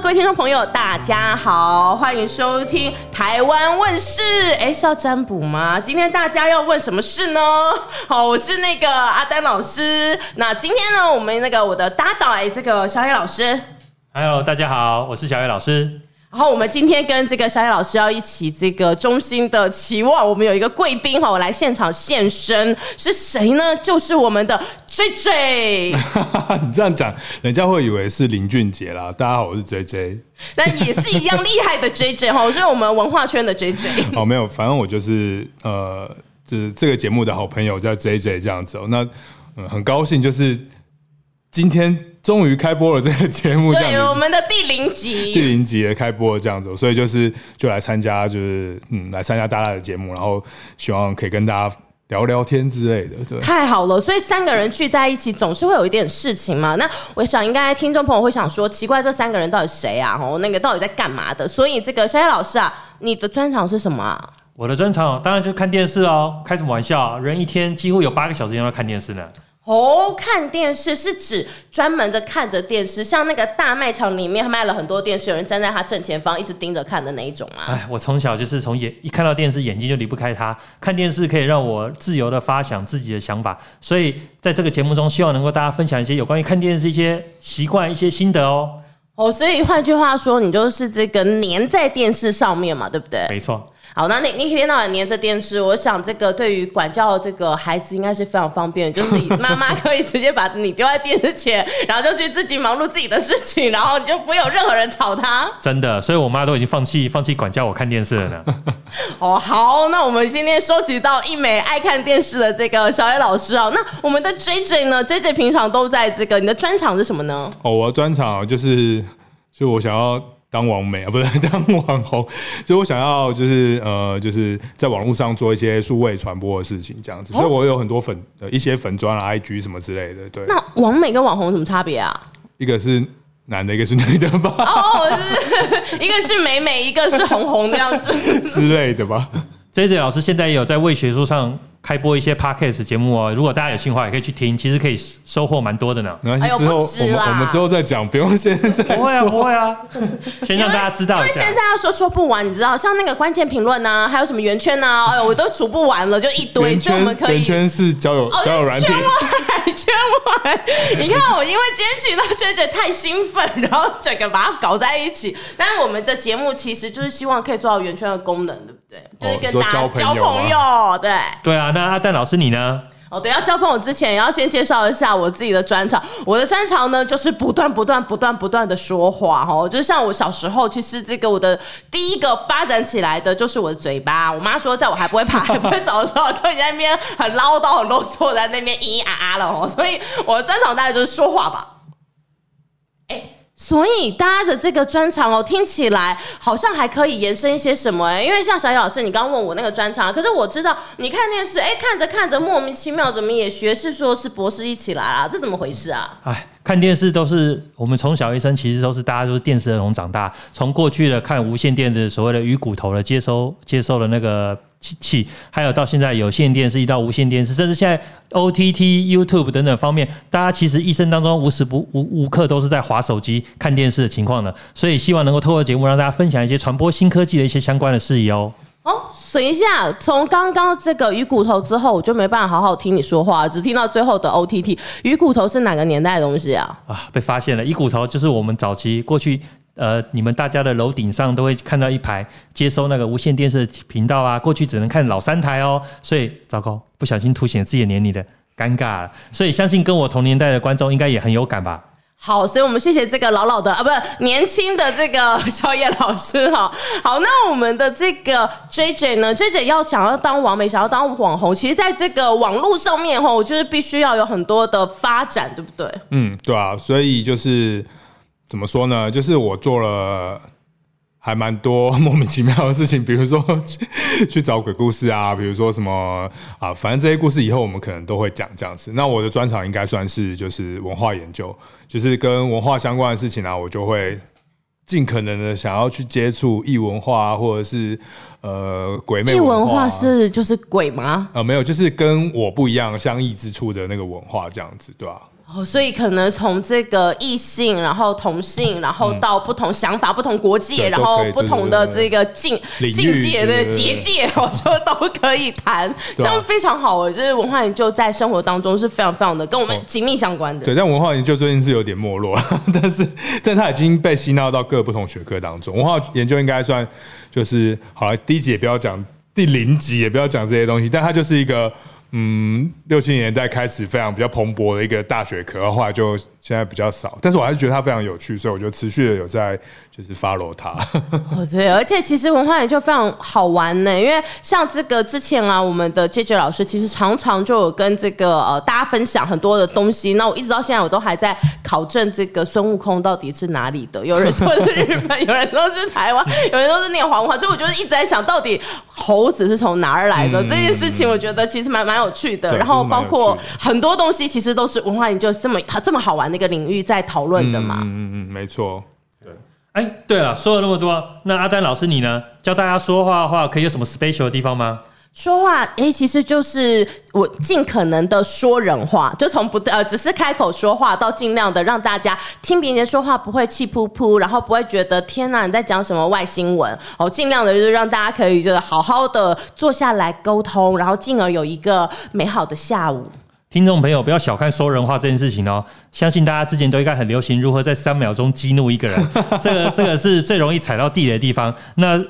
各位聽眾朋友，大家好，歡迎收聽《台灣問事》。哎，是要占卜嗎？今天大家要問什麼事呢？好，我是那個阿丹老師。那今天呢，我們那個我的搭檔哎，這個小野老師。Hello，大家好，我是小野老師。然後我們今天跟這個小野老師要一起，這個衷心的期望，我們有一個貴賓哈，我來現場現身，是誰呢？就是我們的 J J。 你這樣講，人家會以為是林俊杰啦。大家好，我是 J J。那也是一樣厲害的 J J 哈，是我們文化圈的 J J。哦，沒有，反正我就是呃，這、就是、這個節目的好朋友叫 J J 這樣子。那嗯，很高興就是。今天終於開播了這個節目，對，我們的第零集， 第零集也開播了這樣子，所以就是就來參加，就是嗯，來參加大大的節目，然後希望可以跟大家聊聊天之類的，對，太好了。所以三個人聚在一起，總是會有一點事情嘛。那我想，應該聽眾朋友會想說，奇怪，這三個人到底誰啊？哦，那個到底在幹嘛的？所以這個蕭炎老師啊，你的專長是什麼啊我的專長當然就看電視哦開什麼玩笑啊？人一天幾乎有八個小時都要看電視呢。哦，oh, 看電視是指專門的看着電視，像那個大賣場裡面賣了很多電視，有人站在他正前方一直盯着看的那一種啊。哎，我從小就是從眼一看到電視，眼睛就離不開它，看電視可以讓我自由地發想自己的想法，所以在這個節目中希望能夠大家分享一些有關於看電視一些習慣、一些心得哦。哦，oh, 所以換句話說，你就是這個粘在電視上面嘛，對不對？沒錯。好，那你你一天到晚黏著電視，我想這個對於管教這個孩子應該是非常方便，就是你媽媽可以直接把你丟在電視前， 然後就去自己忙碌自己的事情，然後你就不會有任何人吵他。真的，所以我媽都已經放棄放棄管教我看電視了呢。 哦，好哦，那我們今天收集到一枚愛看電視的這個小黑老師啊、哦，那我們的 J J 呢？J J 平常都在這個，你的專場是什麼呢？哦，我的專場就是，所、就、以、是、我想要。當網美啊，不是當網紅，所以，我想要就是呃，就是在網絡上做一些數位傳播的事情，這樣子。所以我有很多粉，哦、一些粉專啊、IG 什麼之類的。對。那網美跟網紅有什麼差別啊？一個是男的，一個是女的吧。哦，一個是美美 一個是美美，一個是紅紅這樣子 之類的吧。JJ 老師現在也有在為學術上開播一些 Podcast 節目哦，如果大家有興趣的話，也可以去聽，其實可以收穫蠻多的呢。沒關係，之後我們、哎、我們之後再講，不用現在、啊。不會、啊、 先讓大家知道一下因。因為現在要說說不完，你知道，像那個關鍵評論啊，還有什麼圓圈啊，哎呦，我都數不完了，就一堆。所以我們可以，圓圈，圓圈是交友交友軟件圈完， 你看我，因為今天請到娟姐太興奮，然後整個把它搞在一起。但是我們的節目其實就是希望可以做到圓圈的功能，對不對？哦，就是跟大家交，交朋友，對對啊。那那戴老師你呢？哦，對，要交朋友之前也要先介紹一下我自己的專長。我的專長呢，就是不斷、不斷、不斷、不斷的說話。哦。就像我小時候，其實這個我的第一個發展起來的就是我的嘴巴。我媽說，在我還不會爬、 還不會走的時候，就你在那邊很嘮叨、很囉嗦，在那邊咿咿啊啊了。哦。所以我的專長大概就是說話吧。所以，大家的這個專長哦，聽起來好像還可以延伸一些什麼誒，因為像小雨老師，你剛剛問我那個專長，可是我知道你看電視，誒，看着看着莫名其妙，怎麼也學是說是博士一起來了啊，這怎麼回事啊？哎。看電視都是我們從小一生其實都是大家都是電視兒童長大，從過去的看無線電視的所謂的魚骨頭的接收接收的那個機器，還有到現在有線電視，一直到無線電視，甚至現在 O T T YouTube 等等方面，大家其實一生當中無時不無無刻都是在滑手機看電視的情況的，所以希望能夠透過節目讓大家分享一些傳播新科技的一些相關的事宜哦。哦，等一下，從剛剛這個魚骨頭之後，我就沒辦法好好聽你說話，只聽到最後的 OTT。魚骨頭是哪個年代的東西啊？啊，被發現了！魚骨頭就是我們早期過去，呃，你們大家的樓頂上都會看到一排接收那個無線電視頻道啊。過去只能看老三台哦，所以糟糕，不小心凸顯自己的年齡的尷尬了。所以相信跟我同年代的觀眾應該也很有感吧。好，所以我們謝謝這個老老的啊，不，不是年輕的這個小燕老師哈。好，那我們的這個 J J 呢，J J 要想要當網美，想要當網紅，其實在這個網絡上面，我就是必須要有很多的發展，對不對？嗯，對啊，所以就是怎麼說呢？就是我做了。還蠻多莫名其妙的事情，比如說去，去找鬼故事啊，比如說什麼啊，反正這些故事以後我們可能都會講這樣子。那我的專場應該算是就是文化研究，就是跟文化相關的事情啊，我就會盡可能的想要去接觸異文化，啊、或者是呃鬼魅文化，啊、異文化是就是鬼嗎？啊、呃，沒有，就是跟我不一樣相異之處的那個文化，這樣子對吧，啊？哦，所以可能從這個異性，然後同性，然後到不同想法、嗯、不同國界，對然後不同的這個境對對對對對境界的結界，對對對對對我說都可以談，對對對對對這樣非常好。就是文化研究在生活當中是非常非常的跟我們緊密相關的。對，但文化研究最近是有點沒落，但是但它已經被吸納到各不同學科當中。文化研究應該算就是好了，第一級也不要講，第零級也不要講這些東西，但它就是一個。嗯，六七年代開始非常比較蓬勃的一個大學科的話，後來就現在比較少，但是我還是覺得它非常有趣，所以我就持續的有在就是 follow 它。oh, 對，而且其實文化也就非常好玩呢，因為像這個之前啊，我們的 JJ 老師其實常常就有跟這個呃大家分享很多的東西。那我一直到現在，我都還在考證這個孫悟空到底是哪裡的？有人說是日本， 有人說是台灣，有人說是念黃話。所以我就一直在想到底猴子是從哪兒來的、嗯、這件事情，我覺得其實蠻蠻有。有趣的，對然後包括很多東西，其實都是文化研究這麼這麼好玩的一個領域在討論的嘛。嗯嗯嗯，沒錯，對。哎、欸，對了，說了那麼多，那阿丹老師你呢？教大家說話的話，可以有什麼 special 的地方嗎？說話誒、欸，其實就是我盡可能的說人話，就從不對呃，只是開口說話到盡量的讓大家聽別人說話不會氣噗噗，然後不會覺得天哪、啊、你在講什麼外新文哦，盡量的就是讓大家可以就是好好的坐下來溝通，然後進而有一個美好的下午。聽眾朋友，不要小看說人話這件事情哦，相信大家之前都應該很流行如何在三秒鐘激怒一個人， 這個這個是最容易踩到地雷的地方。那。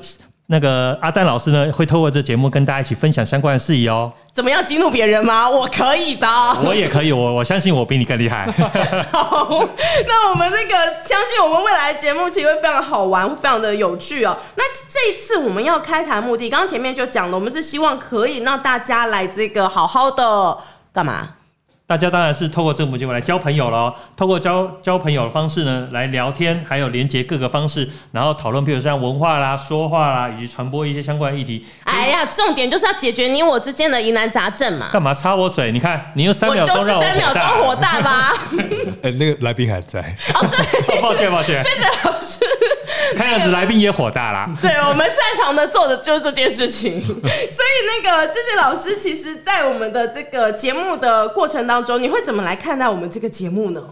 那個阿丹老師呢，會透過這節目跟大家一起分享相關的事宜哦。怎麼樣激怒別人嗎？我可以的，我也可以，我我相信我比你更厲害。 好，那我們那個相信我們未來的節目，其實會非常的好玩，非常的有趣哦。那這一次我們要開台目的，剛前面就講了，我們是希望可以讓大家來這個好好的幹嘛？大家當然是透過政府機會來交朋友了，透過交交朋友的方式呢，來聊天，還有連接各個方式，然後討論，譬如像文化啦、說話啦，以及傳播一些相關議題。哎呀，重點就是要解決你我之間的疑難雜症嘛！幹嘛插我嘴？你看，你又三秒鐘讓我火大。我就是三秒鐘，火大吧？哎 欸，那個來賓還在。哦，oh, 對。 抱歉，抱歉。真的。老師。看樣子來賓也火大了，那個。對，我們擅長的做的就是這件事情， 所以那個這些老師，其實，在我們的這個節目的過程當中，你會怎麼來看待我們這個節目呢？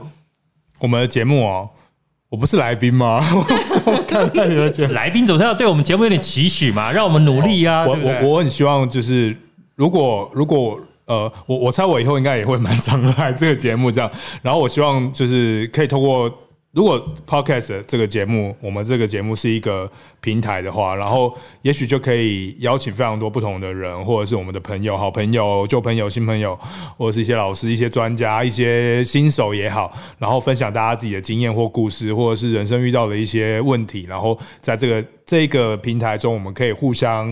我們的節目哦，喔，我不是來賓嗎？對 我怎麼看待你的節目？ 來賓總是要對我們節目有點期許嘛，讓我們努力啊！Oh, 對對，我我我很希望就是，如果如果呃，我我猜我以後應該也會蠻常來這個節目這樣。然後我希望就是可以通過。如果 podcast 這個節目，我們這個節目是一個平台的話，然後也許就可以邀請非常多不同的人，或者是我們的朋友、好朋友、舊朋友、新朋友，或者是一些老師、一些專家、一些新手也好，然後分享大家自己的經驗或故事，或者是人生遇到的一些問題，然後在這個這個平台中，我們可以互相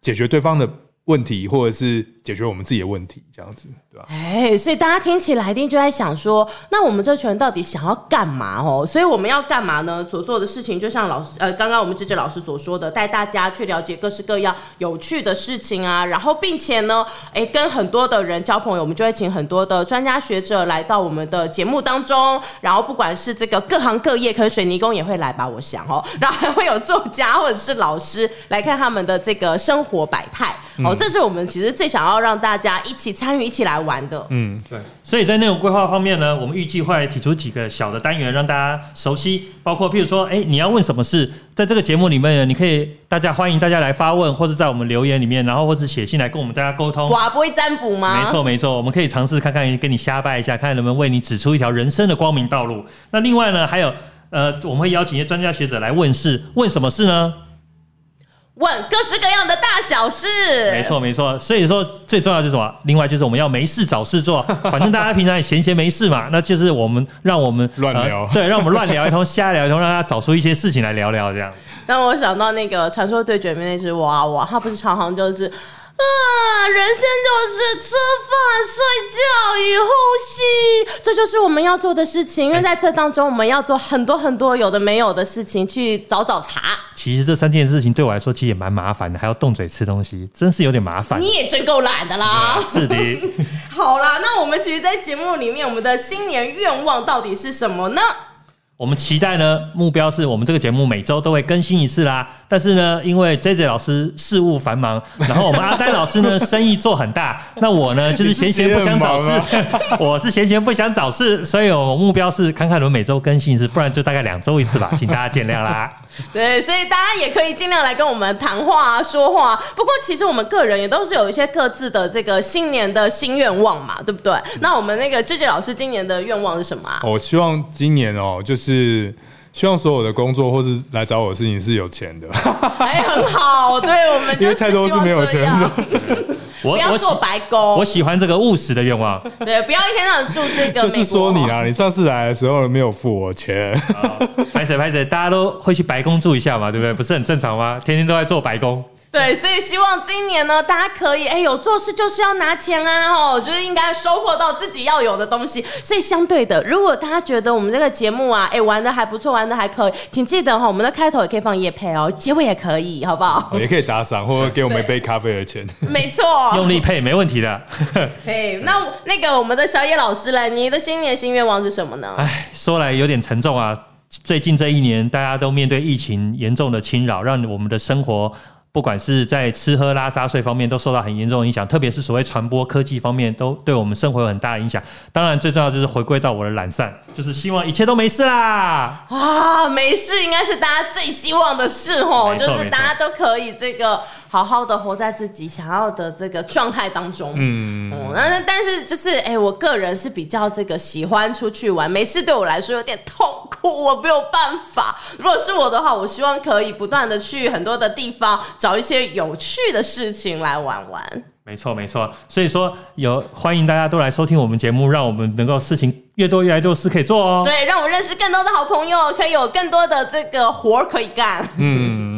解決對方的。問題，或者是解決我們自己的問題，這樣子，對吧？哎、欸，所以大家聽起來一定就在想說，那我們這群人到底想要幹嘛哦、喔？所以我們要幹嘛呢？所做的事情就像老師，呃，剛剛我們芝芝老師所說的，帶大家去了解各式各樣有趣的事情啊，然後，並且呢，哎、欸，跟很多的人交朋友，我們就會請很多的專家學者來到我們的節目當中，然後，不管是這個各行各業，可能水泥工也會來吧，我想哦、喔，然後還會有作家或者是老師來看他們的這個生活百態。嗯這是我們其實最想要讓大家一起參與、一起來玩的。嗯，對。所以在內容規劃方面呢，我們預計會提出幾個小的單元讓大家熟悉，包括譬如說，哎、欸，你要問什麼事，在這個節目裡面呢，你可以大家歡迎大家來發問，或者在我們留言裡面，然後或者寫信來跟我們大家溝通。哇，不會占卜嗎？沒錯，沒錯，我們可以嘗試看看，跟你瞎掰一下，看能不能為你指出一條人生的光明道路。那另外呢，還有呃，我們會邀請一些專家學者來問事，問什麼事呢？問各式各樣的大小事沒，沒錯沒錯。所以說，最重要的是什麼？另外就是我們要沒事找事做，反正大家平常也閒閒沒事嘛， 那就是我們讓我們亂亂聊、呃，對，讓我們亂聊一通，然後瞎聊一通，然後讓大家找出一些事情來聊聊，這樣。那我想到那個傳說對決裡面那只哇哇，他不是常常就是。啊，人生就是吃飯、睡覺與呼吸，這就是我們要做的事情。因為在這當中，我們要做很多很多有的沒有的事情，去找找茬。其實這三件事情對我來說，其實也蠻麻煩的，還要動嘴吃東西，真是有點麻煩。你也真夠懶的啦。嗯，是的。 好啦，那我們其實，在節目裡面，我們的新年願望到底是什麼呢？我們期待呢，目標是我們這個節目每周都會更新一次啦。但是呢，因為 JJ 老師事務繁忙，然後我們阿呆老師呢 生意做很大，那我呢就是閒閒不想找事，啊、 我是閒閒不想找事，所以我目標是看看能每周更新一次，不然就大概兩週一次吧，請大家見諒啦。對，所以大家也可以盡量來跟我們談話、啊、說話、啊。不過其實我們個人也都是有一些各自的這個新年的新願望嘛，對不對？那我們那個 JJ 老師今年的願望是什麼、啊？我希望今年哦、喔，就是。是希望所有的工作或是來找我的事情是有錢的。哎，很好， 對我們，因為太多是沒有錢的。我不要做白工。我喜歡這個務實的願望。對，不要一天到晚做這個。就是說你啊，你上次來的時候沒有付我錢。哦，拍謝拍謝，大家都會去白宮住一下嘛，對不對？不是很正常嗎？天天都在做白工。對，所以希望今年呢，大家可以哎，有做事就是要拿錢啊，哦，就是應該收穫到自己要有的東西。所以相對的，如果大家覺得我們這個節目啊，哎，玩得還不錯，玩得還可以，請記得哈、哦，我們的開頭也可以放業配哦，結尾也可以，好不好、哦？也可以打賞，或者給我們一杯咖啡的錢。沒錯，用力配沒問題的。 嘿，那那個我們的小野老師嘞，你的新年的新願望是什麼呢？哎，說來有點沉重啊。最近這一年，大家都面對疫情嚴重的侵擾，讓我們的生活。不管是在吃喝拉撒睡方面都受到很嚴重的影響，特別是所謂傳播科技方面都對我們生活有很大的影響。當然，最重要就是回歸到我的懶散，就是希望一切都沒事啦啊，沒事應該是大家最希望的事哦，齁，沒錯，就是大家都可以這個好好的活在自己想要的這個狀態當中。嗯，那那、嗯、但是就是哎、欸，我個人是比較這個喜歡出去玩，沒事對我來說有點痛苦，我沒有辦法。如果是我的話，我希望可以不斷的去很多的地方。找一些有趣的事情來玩玩。沒錯，沒錯，所以說有歡迎大家都來收聽我們節目，讓我們能夠事情越多越來越多事可以做哦。對，讓我認識更多的好朋友，可以有更多的這個活可以幹。嗯。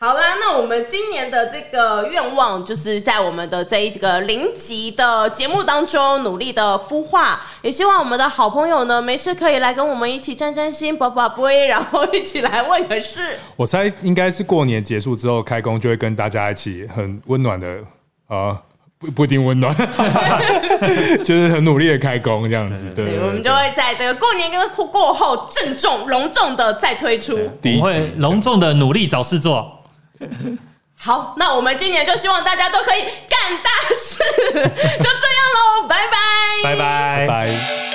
好啦，那我們今年的這個願望，就是在我們的這一個零級的節目當中努力的孵化，也希望我們的好朋友呢沒事可以來跟我們一起沾沾心，博博杯，然後一起來問個事。我猜應該是過年結束之後開工，就會跟大家一起很溫暖的啊，不不一定溫暖， 就是很努力的開工這樣子。對，對，對，我們就會在這個過年跟過後鄭重隆重的再推出，對我會隆重的努力找事做。 好，那我們今年就希望大家都可以幹大事， 就這樣嘍， 拜拜，拜拜，拜拜。